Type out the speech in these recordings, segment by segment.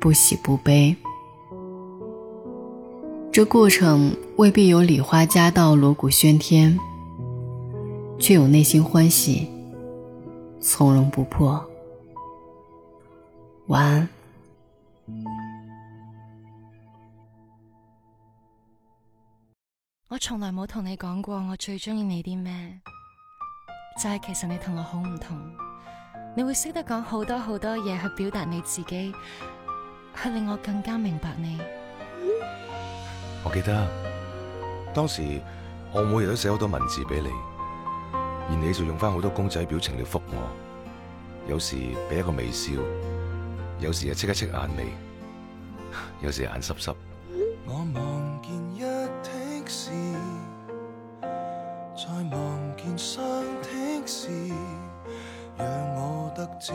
不喜不悲，這過程未必有禮花家道、鑼鼓喧天，卻有內心歡喜，從容不迫。晚安。我從來冇同你講過我最中意你啲咩，就係、是、其實你同我好唔同，你會識得講好多好多嘢，去表達你自己。令我更加明白你。我記得當時我每日都寫好多文字俾你，而你就用翻好多公仔表情嚟覆我。有時俾一個微笑，有時又戚一戚眼眉，有時眼濕濕我我。再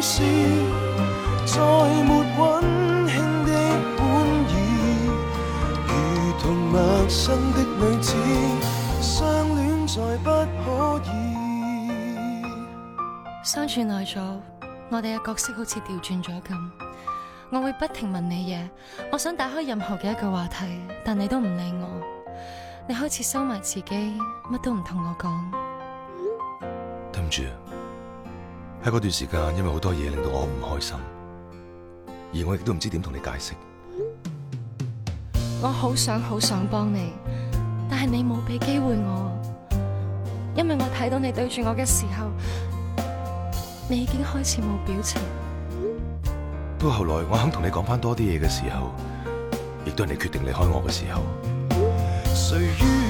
溫馨嘅本意，如同陌生嘅女子，相戀再不可以。再沒相處耐咗，我哋嘅角色好似調轉咗咁。我會不停問你嘢，我想打開任何嘅一個話題，但你都唔理我。你開始收埋自己，乜都唔同我講。對唔住。喺嗰段時間，因為好多嘢令到我唔開心，而我亦都唔知點同你解釋。我好想好想幫你，但係你冇俾機會我，因為我睇到你對住我嘅時候，你已經開始冇表情。到後來我肯同你講翻多啲嘢嘅時候，亦都係你決定離開我嘅時候。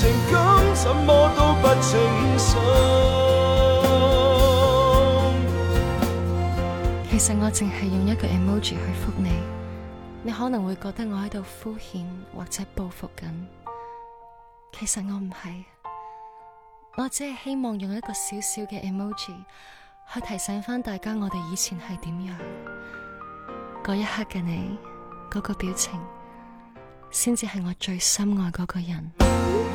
情感什麼都不清楚。其實我淨係用一個 emoji 去覆你，你可能會覺得我喺度敷衍或者報復緊。其實我唔係，我只係希望用一個小小嘅 emoji 去提醒翻大家我哋以前係點樣，嗰一刻嘅你，嗰個表情，先至係我最深愛嗰個人。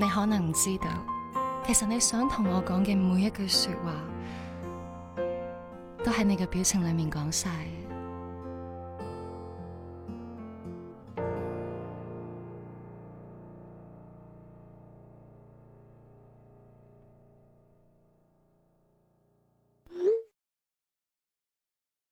你可能唔知道，其實你想同我講嘅每一句說話，都喺你嘅表情裏面講晒。